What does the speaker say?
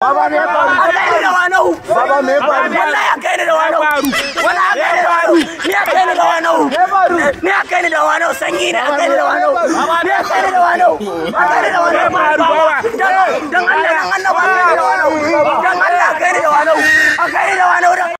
Baba me da wanahu. Baba me ya da wanahu. ne